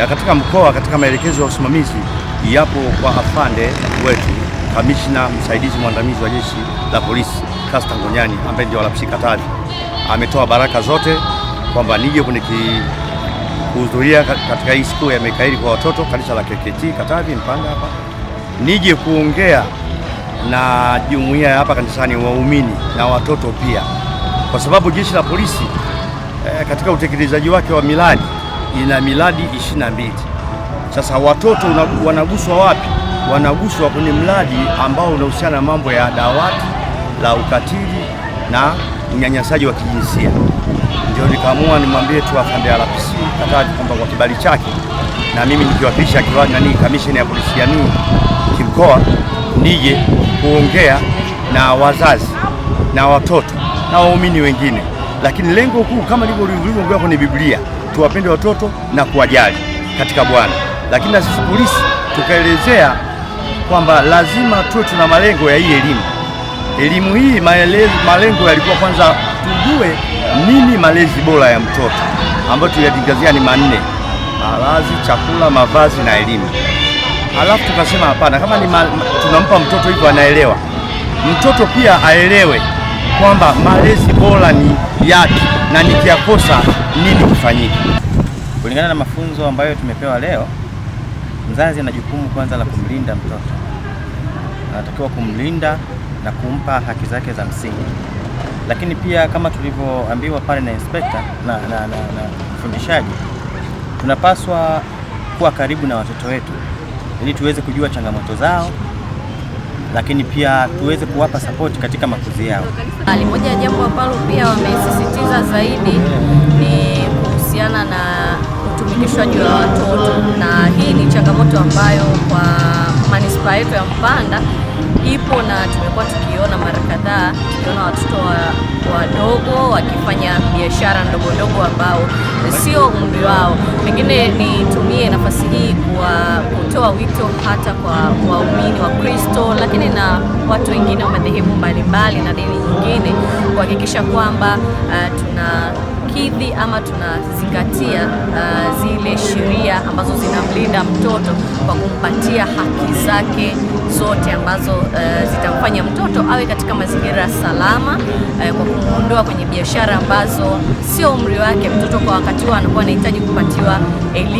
na katika mkoa, katika maelekezo ya usimamizi yapo kwa afande wetu kamishna msaidizi mwandamizi wa jeshi la polisi kasta Ngonyani ambaye ndio alapshika taji, ametoa baraka zote kwamba nije kwenye kuhudhuria katika hii siku ya Mikaeli kwa watoto kanisa la KKT Katavi Mpanda hapa, nije kuongea na jumuiya hapa kanisani, waumini na watoto pia, kwa sababu jeshi la polisi eh, katika utekelezaji wake wa miradi ina miradi 22. Sasa watoto wanaguswa wapi? Wanaguswa kwenye mradi ambao unahusiana na mambo ya dawati la ukatili na unyanyasaji wa kijinsia. Ndio nikaamua nimwambie tu afande RPC Katavi kwamba kwa kibali chake na mimi nikiwapisha nani kamisheni ya polisi jamii kimkoa, nije kuongea na wazazi na watoto na waumini wengine, lakini lengo kuu kama ndivyo kwenye Biblia tuwapende watoto na kuwajali katika Bwana, lakini na sisi polisi tukaelezea kwamba lazima tuwe tuna malengo ya hii elimu. Elimu hii maelezo, malengo yalikuwa kwanza tujue nini malezi bora ya mtoto ambayo tuliyatingazia ni manne: malazi, chakula, mavazi na elimu. Alafu tukasema hapana, kama ni tunampa mtoto hivyo anaelewa, mtoto pia aelewe kwamba malezi bora ni yapi na nikiyakosa nini kufanyika. Kulingana na mafunzo ambayo tumepewa leo, mzazi ana jukumu kwanza la kumlinda mtoto, anatakiwa kumlinda na kumpa haki zake za msingi, lakini pia kama tulivyoambiwa pale na inspekta na, na, na, na mfundishaji, tunapaswa kuwa karibu na watoto wetu ili tuweze kujua changamoto zao lakini pia tuweze kuwapa support katika makuzi yao. Moja ya jambo ambalo pia wamesisitiza zaidi ni kuhusiana na utumikishwaji wa watoto, na hii ni changamoto ambayo kwa manispaa yetu ya Mpanda ipo na tumekuwa tukiona mara kadhaa, tukiona watoto wadogo wa wakifanya biashara ndogo ndogo ambao sio umri wao. Pengine nitumie nafasi hii kwa kutoa wito hata kwa waumini wa Kristo, lakini na watu wengine wa madhehebu mbalimbali na dini nyingine kuhakikisha kwamba uh, tuna tunakidhi ama tunazingatia uh, zile sheria ambazo zinamlinda mtoto kwa kumpatia haki zake zote ambazo uh, zitamfanya mtoto awe katika mazingira salama uh, kwa kumuondoa kwenye biashara ambazo sio umri wake. Mtoto kwa wakati huo anakuwa anahitaji kupatiwa elimu.